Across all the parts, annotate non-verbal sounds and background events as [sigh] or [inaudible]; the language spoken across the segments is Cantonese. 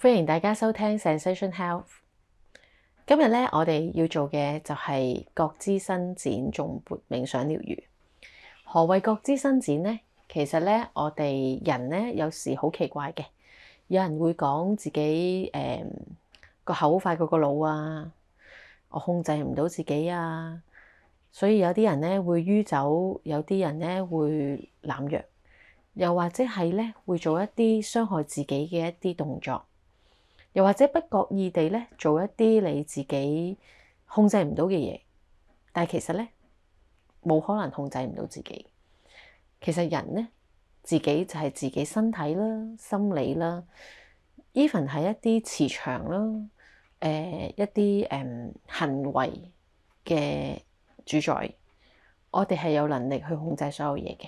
歡迎大家收聽 Sensation Health。今日咧，我哋要做嘅就係覺知伸展，頌缽冥想療愈。何謂覺知伸展呢？其實咧，我哋人咧有時好奇怪嘅，有人會講自己誒、嗯、個口快過個腦啊，我控制唔到自己啊，所以有啲人咧會酗酒，有啲人咧會濫藥，又或者係咧會做一啲傷害自己嘅一啲動作。又或者不覺意地咧做一啲你自己控制唔到嘅嘢，但係其實咧冇可能控制唔到自己。其實人咧自己就係自己身體啦、心理啦，even 係一啲磁場啦、誒、呃、一啲誒、嗯、行為嘅主宰。我哋係有能力去控制所有嘢嘅，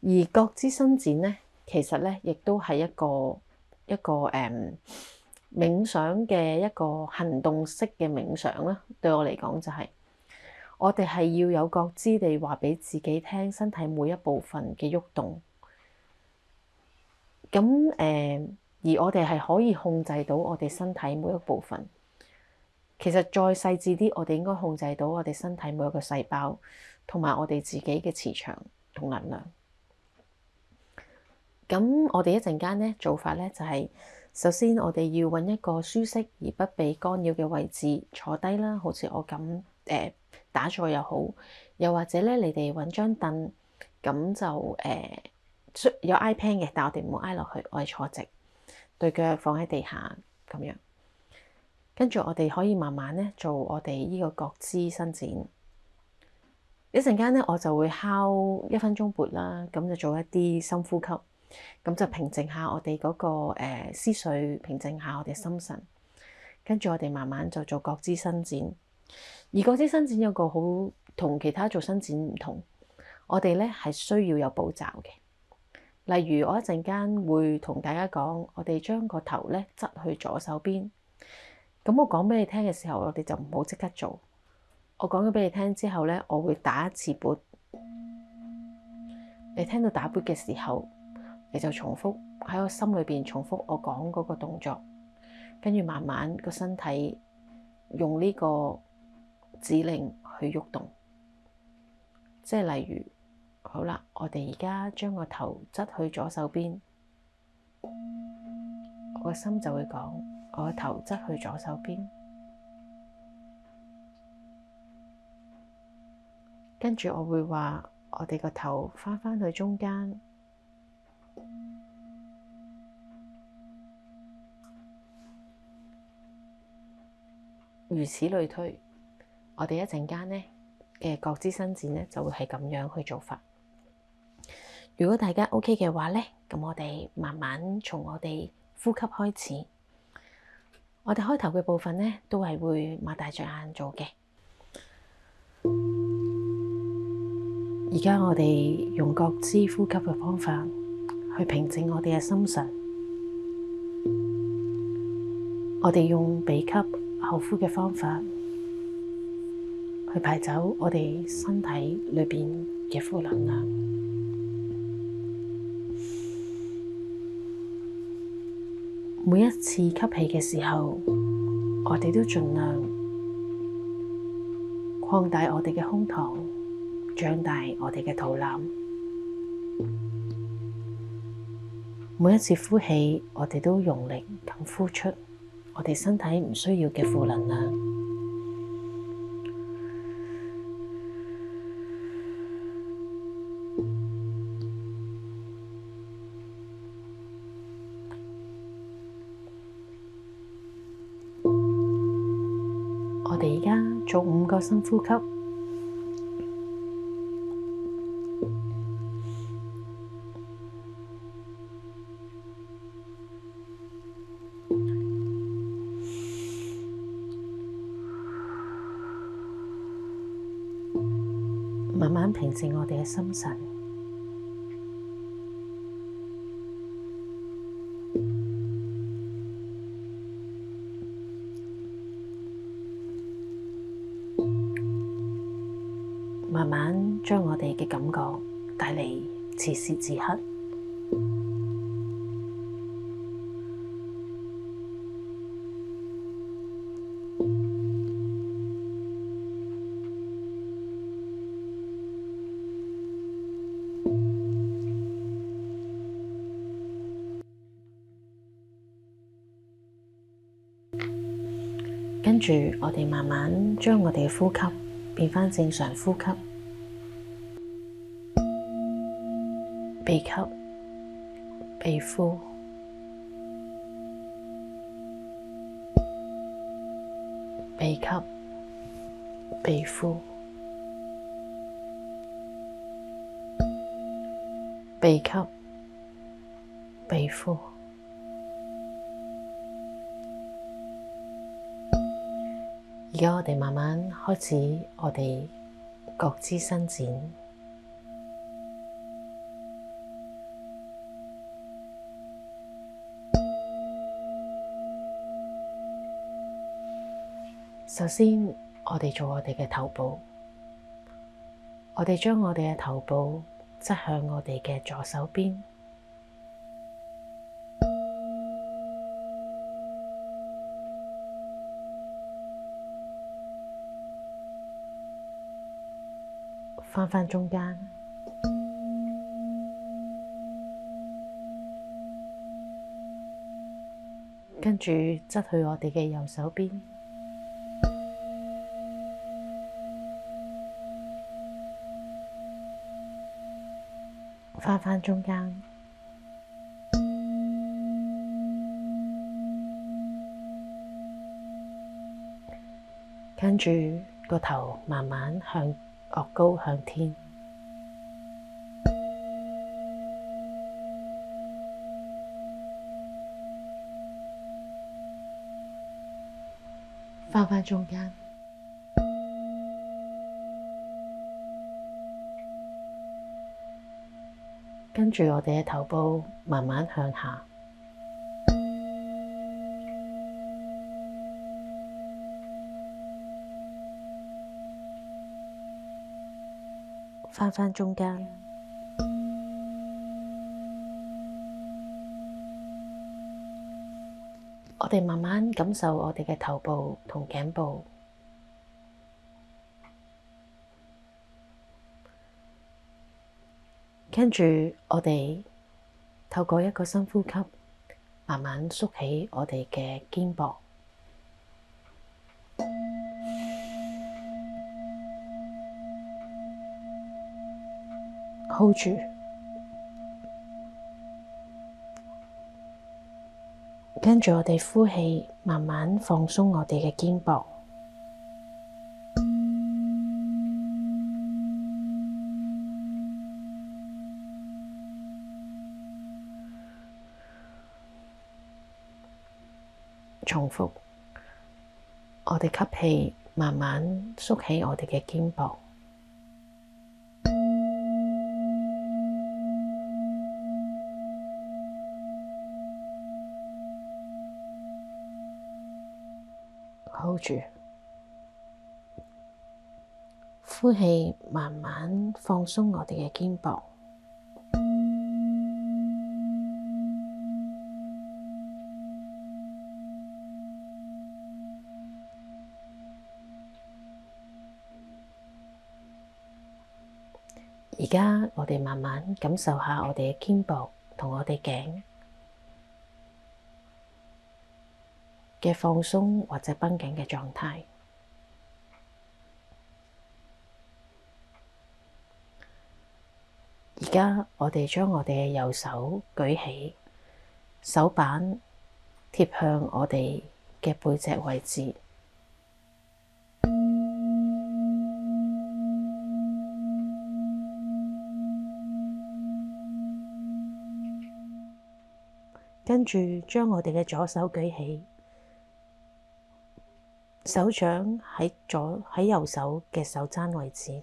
而覺知伸展咧，其實咧亦都係一個一個誒。嗯冥想嘅一個行動式嘅冥想啦，對我嚟講就係，我哋係要有覺知地話俾自己聽，身體每一部分嘅喐動。咁誒、呃，而我哋係可以控制到我哋身體每一部分。其實再細緻啲，我哋應該控制到我哋身體每一個細胞，同埋我哋自己嘅磁場同能量。咁我哋一陣間咧做法咧就係。首先，我哋要揾一個舒適而不被干擾嘅位置坐低啦，好似我咁誒、呃、打坐又好，又或者咧你哋揾張凳咁就誒、呃、有 iPad 嘅，但係我哋唔好挨落去，我哋坐直，對腳放喺地下咁樣。跟住我哋可以慢慢咧做我哋呢個覺知伸展。一陣間咧，我就會敲一分鐘缽啦，咁就做一啲深呼吸。咁就平靜下我哋嗰個誒思緒，平靜下我哋心神，跟住我哋慢慢就做覺知伸展。而覺知伸展有個好同其他做伸展唔同，我哋咧係需要有步驟嘅。例如我一陣間會同大家講，我哋將個頭咧側去左手邊。咁我講俾你聽嘅時候，我哋就唔好即刻做。我講咗俾你聽之後咧，我會打一次缽。你聽到打缽嘅時候。你就重複喺我心裏邊重複我講嗰個動作，跟住慢慢個身體用呢個指令去喐動，動，即係例如好啦，我哋而家將個頭側去左手邊，我個心就會講我個頭側去左手邊，跟住我會話我哋個頭翻返去中間。如此類推，我哋一陣間咧嘅覺知伸展咧就會係咁樣去做法。如果大家 OK 嘅話咧，咁我哋慢慢從我哋呼吸開始。我哋開頭嘅部分咧都係會擘大隻眼做嘅。而家我哋用覺知呼吸嘅方法去平靜我哋嘅心神。我哋用鼻吸。後呼嘅方法去排走我哋身體裏面嘅負能量。每一次吸氣嘅時候，我哋都盡量擴大我哋嘅胸膛，張大我哋嘅肚腩。每一次呼氣，我哋都用力咁呼出。我哋身體唔需要嘅負能量。我哋而家做五個深呼吸。靜我哋嘅心神，慢慢將我哋嘅感覺帶嚟，此時此刻。住我哋慢慢將我哋嘅呼吸變翻正常呼吸，鼻吸，鼻呼，鼻吸，鼻呼，鼻吸，鼻呼。而家我哋慢慢開始，我哋各肢伸展。首先，我哋做我哋嘅頭部，我哋將我哋嘅頭部側向我哋嘅左手邊。翻返中間，跟住側去我哋嘅右手邊，翻返中間，跟住個頭慢慢向。樂高向天，翻返中間，跟住我哋嘅頭部慢慢向下。翻返中間， [noise] [music] 我哋慢慢感受我哋嘅頭部同頸部，跟住我哋透過一個深呼吸，慢慢縮起我哋嘅肩膊。Hold 住，跟住我哋呼氣，慢慢放鬆我哋嘅肩部。重複，我哋吸氣，慢慢縮起我哋嘅肩部。呼氣，慢慢放鬆我哋嘅肩膊。而家我哋慢慢感受下我哋嘅肩膊同我哋頸。嘅放鬆或者繃緊嘅狀態。而家我哋將我哋嘅右手舉起，手板貼向我哋嘅背脊位置，跟住將我哋嘅左手舉起，手掌喺左喺右手嘅手踭位置，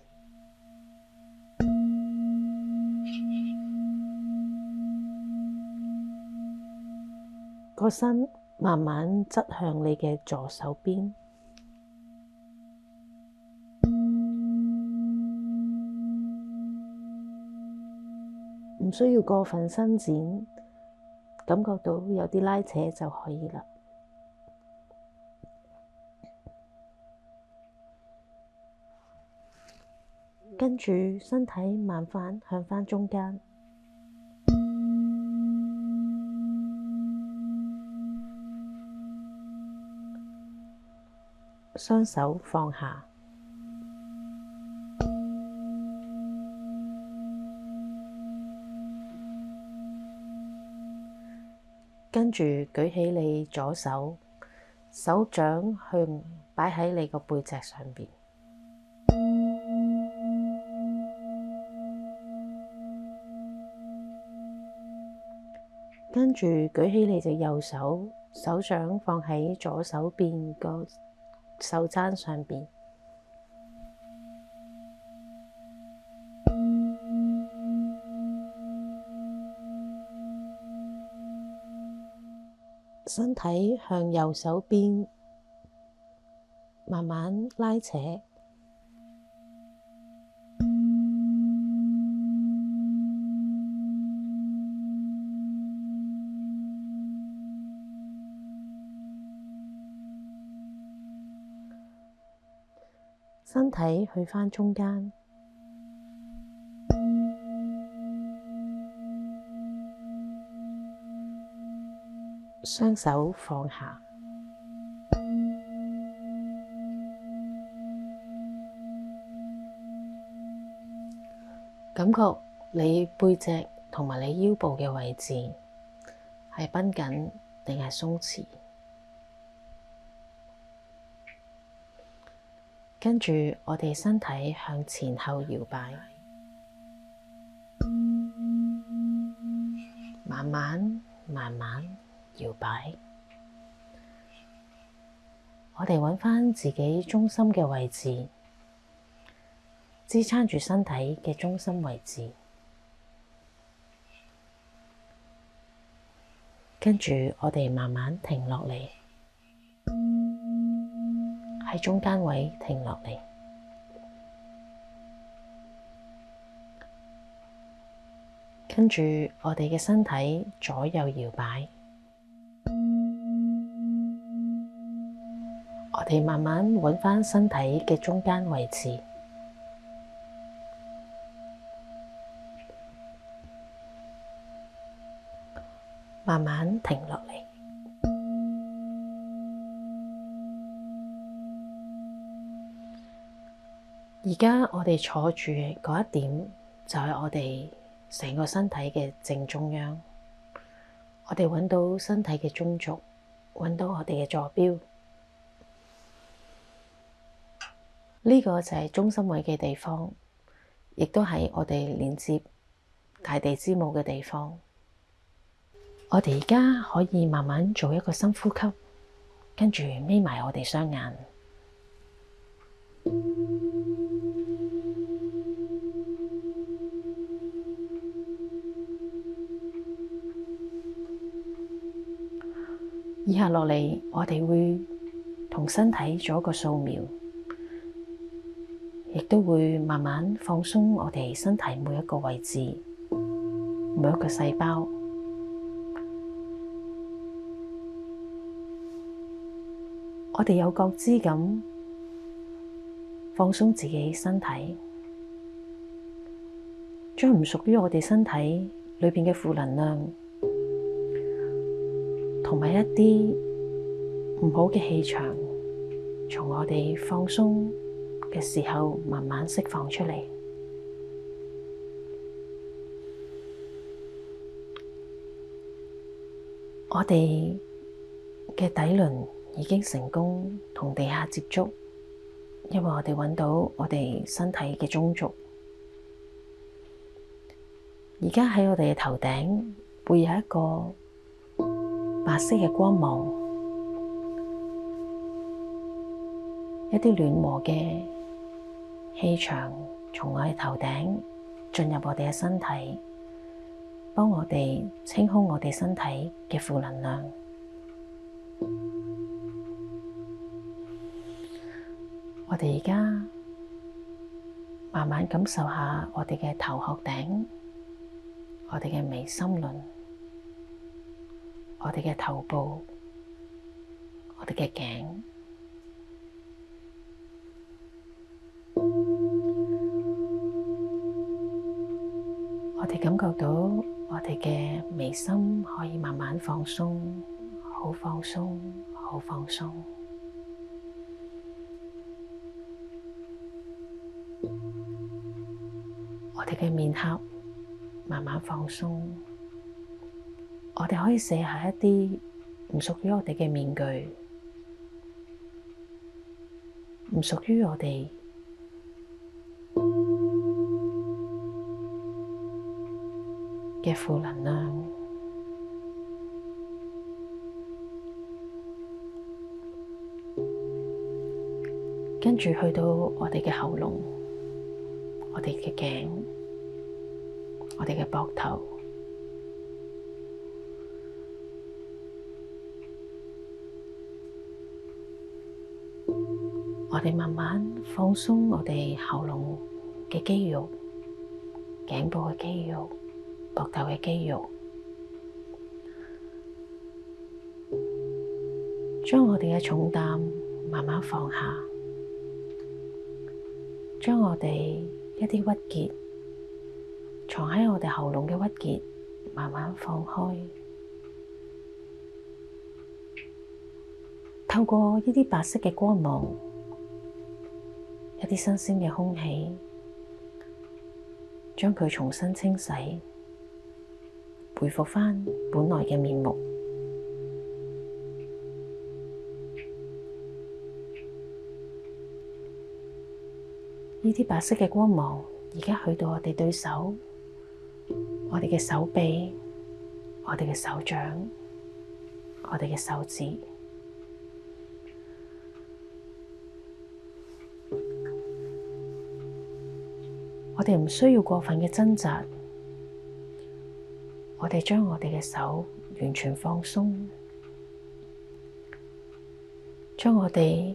個身慢慢側向你嘅左手邊，唔需要過分伸展，感覺到有啲拉扯就可以啦。跟住，身體慢慢向翻中間，雙手放下。跟住，舉起你左手，手掌向擺喺你個背脊上面。跟住，舉起你隻右手，手掌放喺左手邊個手踭上邊，身體向右手邊慢慢拉扯。睇去返中間，雙手放下，感覺你背脊同埋你腰部嘅位置係繃緊定係鬆弛。跟住，我哋身體向前後搖擺，慢慢、慢慢搖擺。我哋揾返自己中心嘅位置，支撐住身體嘅中心位置。跟住，我哋慢慢停落嚟。喺中間位停落嚟，跟住我哋嘅身體左右搖擺，我哋慢慢搵返身體嘅中間位置，慢慢停落嚟。而家我哋坐住嗰一點，就係我哋成個身體嘅正中央。我哋揾到身體嘅中軸，揾到我哋嘅坐標。呢個就係中心位嘅地方，亦都係我哋連接大地之母嘅地方。我哋而家可以慢慢做一個深呼吸，跟住眯埋我哋雙眼。以下落嚟，我哋會同身體做一個掃描，亦都會慢慢放鬆我哋身體每一個位置，每一個細胞。我哋有覺知咁放鬆自己身體，將唔屬於我哋身體裏邊嘅負能量。同埋一啲唔好嘅氣場，從我哋放鬆嘅時候慢慢釋放出嚟。我哋嘅底輪已經成功同地下接觸，因為我哋揾到我哋身體嘅中軸。而家喺我哋嘅頭頂會有一個。白色嘅光芒，一啲暖和嘅氣場從我哋頭頂進入我哋嘅身體，幫我哋清空我哋身體嘅負能量。我哋而家慢慢感受下我哋嘅頭殼頂，我哋嘅眉心輪。我哋嘅頭部，我哋嘅頸，我哋感覺到我哋嘅眉心可以慢慢放鬆，好放鬆，好放鬆。我哋嘅面頰慢慢放鬆。我哋可以卸下一啲唔屬於我哋嘅面具，唔屬於我哋嘅負能量，跟住去到我哋嘅喉嚨，我哋嘅頸，我哋嘅膊頭。你慢慢放鬆我哋喉嚨嘅肌肉、頸部嘅肌肉、膊頭嘅肌肉，將我哋嘅重擔慢慢放下，將我哋一啲鬱結藏喺我哋喉嚨嘅鬱結慢慢放開，透過呢啲白色嘅光芒。一啲新鮮嘅空氣，將佢重新清洗，恢復返本來嘅面目。呢啲白色嘅光芒，而家去到我哋對手，我哋嘅手臂，我哋嘅手掌，我哋嘅手指。我哋唔需要過分嘅掙扎，我哋將我哋嘅手完全放鬆，將我哋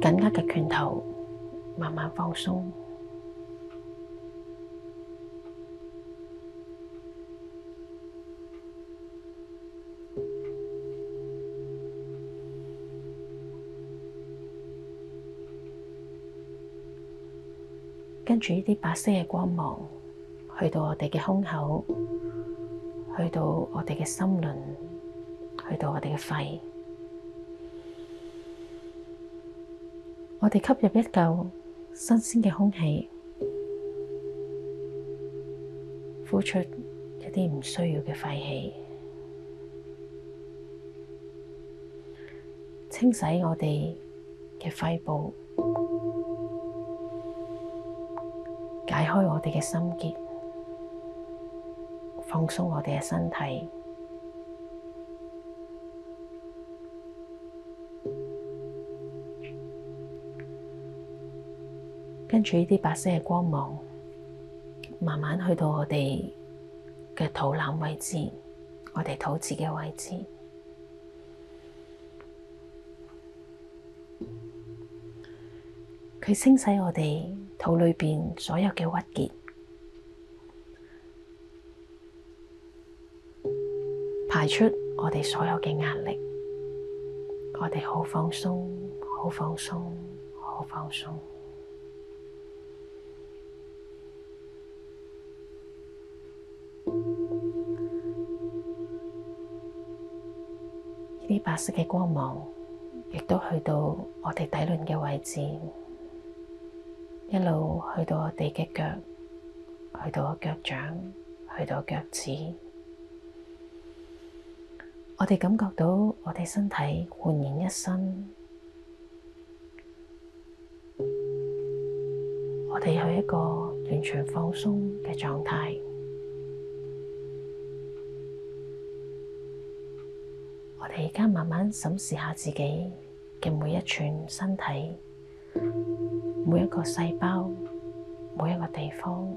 緊握嘅拳頭慢慢放鬆。跟住呢啲白色嘅光芒，去到我哋嘅胸口，去到我哋嘅心輪，去到我哋嘅肺。我哋吸入一嚿新鮮嘅空氣，呼出一啲唔需要嘅廢氣，清洗我哋嘅肺部。開我哋嘅心結，放鬆我哋嘅身體，跟住呢啲白色嘅光芒，慢慢去到我哋嘅肚腩位置，我哋肚臍嘅位置，佢清洗我哋。肚裏邊所有嘅鬱結排出，我哋所有嘅壓力，我哋好放鬆，好放鬆，好放鬆。呢啲白色嘅光芒，亦都去到我哋底輪嘅位置。一路去到我哋嘅腳，去到我腳掌，去到腳趾，我哋感覺到我哋身體煥然一新，我哋係一個完全放鬆嘅狀態。我哋而家慢慢審視下自己嘅每一寸身體。每一個細胞，每一個地方，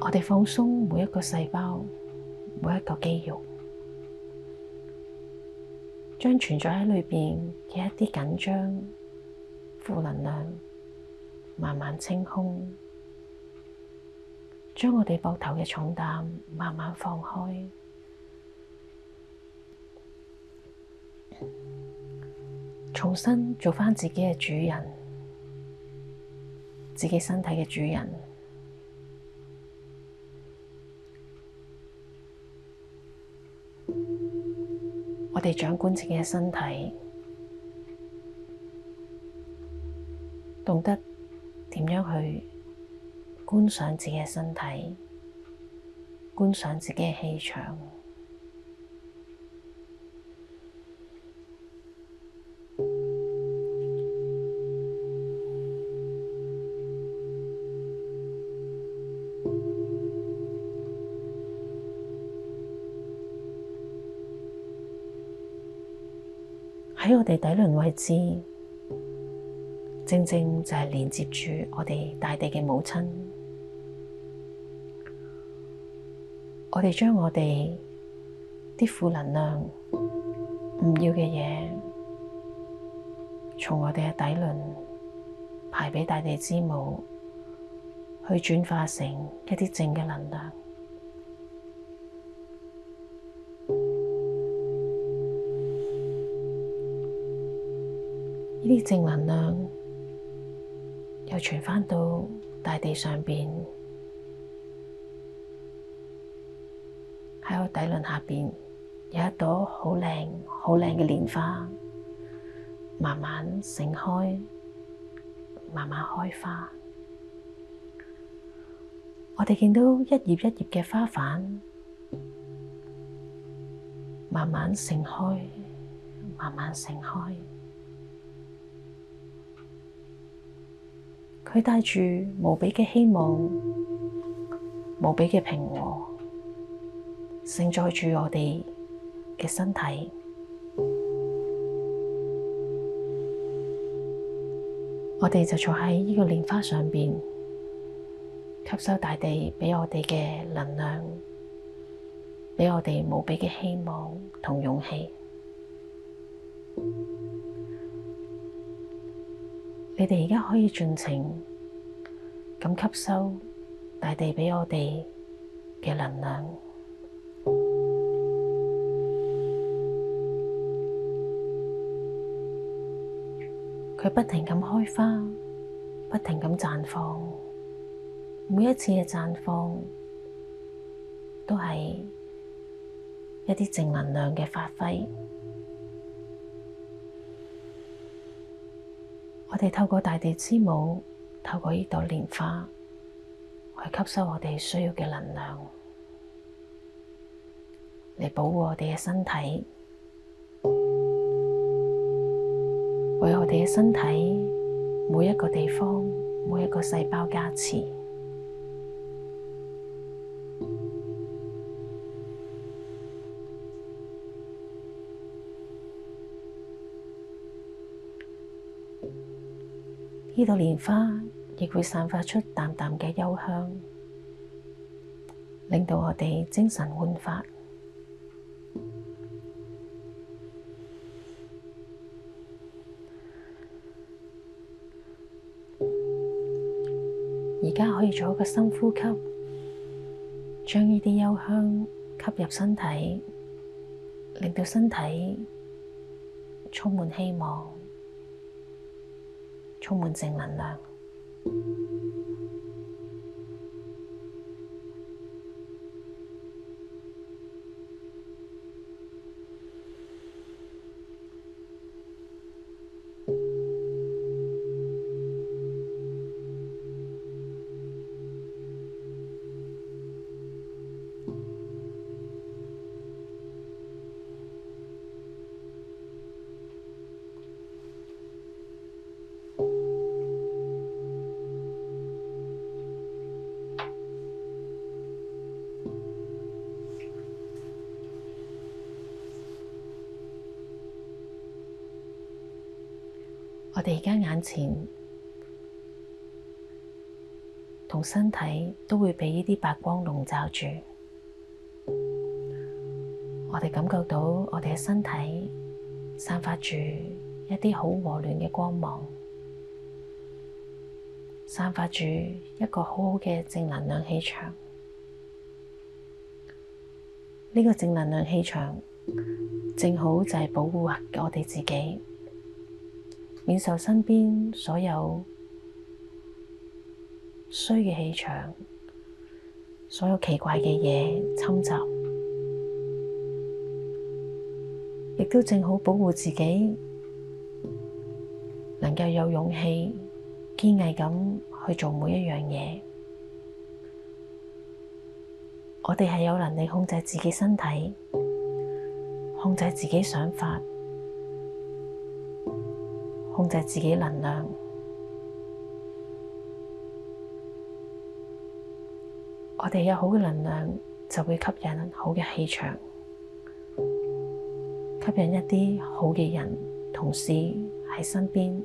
我哋放鬆每一個細胞，每一個肌肉，將存在喺裏邊嘅一啲緊張、負能量，慢慢清空，將我哋膊頭嘅重擔慢慢放開。重新做翻自己嘅主人，自己身體嘅主人，我哋掌管自己嘅身體，懂得點樣去觀賞自己嘅身體，觀賞自己嘅氣場。底輪位置，正正就係連接住我哋大地嘅母親。我哋將我哋啲負能量、唔要嘅嘢，從我哋嘅底輪排畀大地之母，去轉化成一啲正嘅能量。正能量又傳返到大地上面，喺我底輪下面有一朵好靚、好靚嘅蓮花，慢慢盛開，慢慢開花。我哋見到一葉一葉嘅花瓣，慢慢盛開，慢慢盛開。佢帶住無比嘅希望，無比嘅平和，承載住我哋嘅身體。 [noise] 我哋就坐喺呢個蓮花上邊，吸收大地畀我哋嘅能量，畀我哋無比嘅希望同勇氣。你哋而家可以盡情咁吸收大地畀我哋嘅能量，佢不停咁開花，不停咁綻放，每一次嘅綻放都係一啲正能量嘅發揮。我哋透過大地之母，透過呢朵蓮花，去吸收我哋需要嘅能量，嚟保護我哋嘅身體，為我哋嘅身體每一個地方、每一個細胞加持。呢度蓮花亦會散發出淡淡嘅幽香，令到我哋精神煥發。而家可以做一個深呼吸，將呢啲幽香吸入身體，令到身體充滿希望。充滿正能量。我哋而家眼前同身體都會被呢啲白光籠罩住，我哋感覺到我哋嘅身體散發住一啲好和暖嘅光芒，散發住一個好好嘅正能量氣場。呢個正能量氣場正好就係保護我哋自己。免受身邊所有衰嘅氣場，所有奇怪嘅嘢侵襲，亦都正好保護自己，能夠有勇氣、堅毅咁去做每一樣嘢。我哋係有能力控制自己身體，控制自己想法。控制自己能量，我哋有好嘅能量，就會吸引好嘅氣場，吸引一啲好嘅人，同事喺身邊，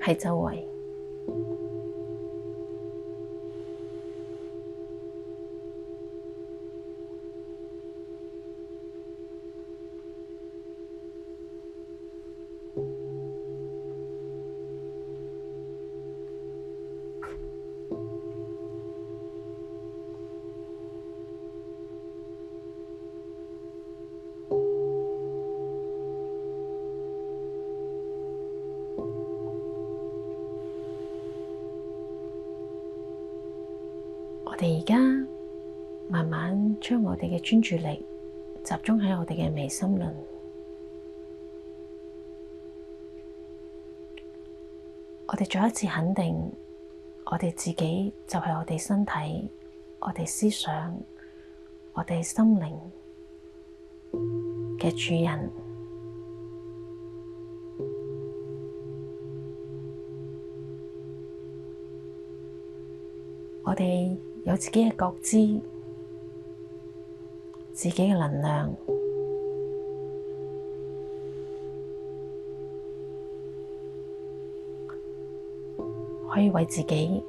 喺周圍。我哋嘅專注力集中喺我哋嘅微心輪。我哋再一次肯定我哋自己就係我哋身體、我哋思想、我哋心靈嘅主人。我哋有自己嘅覺知。自己嘅能量可以為自己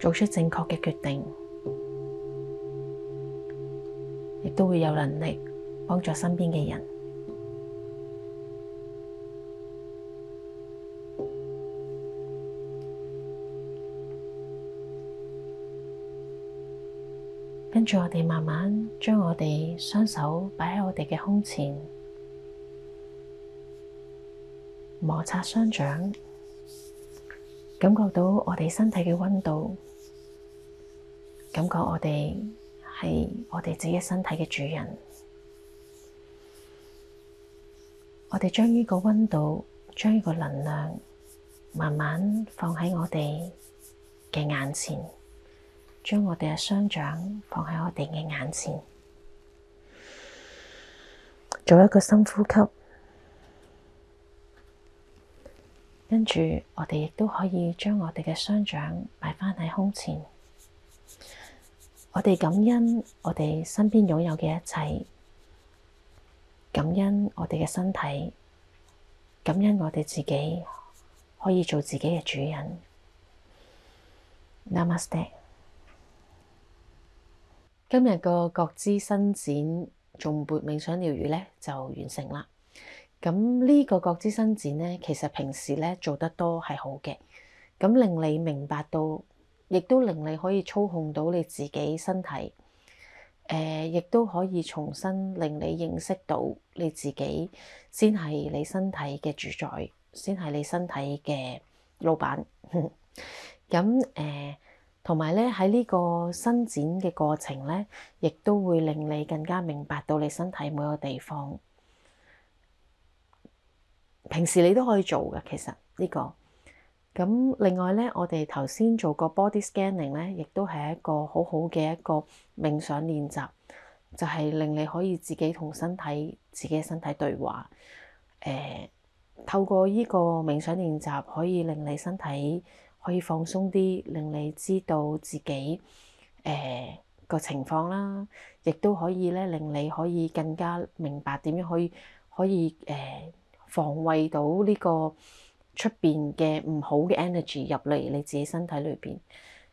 做出正確嘅決定，亦都會有能力幫助身邊嘅人。跟住我哋慢慢將我哋雙手擺喺我哋嘅胸前，摩擦雙掌，感覺到我哋身體嘅溫度，感覺我哋係我哋自己身體嘅主人，我哋將呢個溫度，將呢個能量，慢慢放喺我哋嘅眼前。將我哋嘅雙掌放喺我哋嘅眼前，做一個深呼吸，跟住我哋亦都可以將我哋嘅雙掌擺翻喺胸前。我哋感恩我哋身邊擁有嘅一切，感恩我哋嘅身體，感恩我哋自己可以做自己嘅主人。Namaste。今日個覺知伸展頌缽冥想療癒咧就完成啦。咁呢個覺知伸展咧，其實平時咧做得多係好嘅，咁令你明白到，亦都令你可以操控到你自己身體。誒、呃，亦都可以重新令你認識到你自己，先係你身體嘅主宰，先係你身體嘅老闆。咁 [laughs] 誒。呃同埋咧，喺呢個伸展嘅過程咧，亦都會令你更加明白到你身體每個地方。平時你都可以做嘅，其實呢、這個。咁另外咧，我哋頭先做個 body scanning 咧，亦都係一個好好嘅一個冥想練習，就係、是、令你可以自己同身體、自己嘅身體對話。誒、欸，透過呢個冥想練習，可以令你身體，可以放鬆啲，令你知道自己誒、呃、個情況啦，亦都可以咧令你可以更加明白點樣可以可以誒、呃、防衞到呢個出邊嘅唔好嘅 energy 入嚟你自己身體裏邊，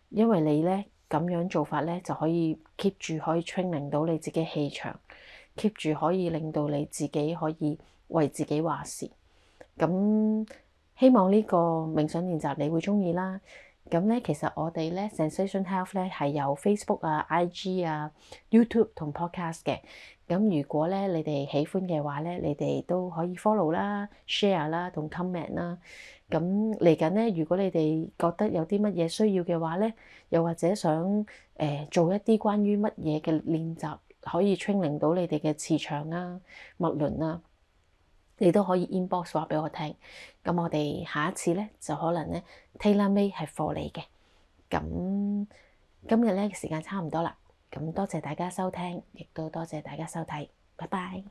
因為你咧咁樣做法咧就可以 keep 住可以 training 到你自己氣場，keep 住可以令到你自己可以為自己話事，咁。希望呢個冥想練習你會鍾意啦。咁咧，其實我哋咧 Zensation Health 咧係有 Facebook 啊、IG 啊、YouTube 同 Podcast 嘅。咁如果咧你哋喜歡嘅話咧，你哋都可以 follow 啦、share 啦同 comment 啦。咁嚟緊咧，如果你哋覺得有啲乜嘢需要嘅話咧，又或者想誒做一啲關於乜嘢嘅練習可以清零到你哋嘅磁場啦、脈輪啦。你都可以 inbox 話俾我聽，咁我哋下一次咧就可能咧，tailor made 係 for 你嘅。咁今日咧時間差唔多啦，咁多謝大家收聽，亦都多謝大家收睇，拜拜。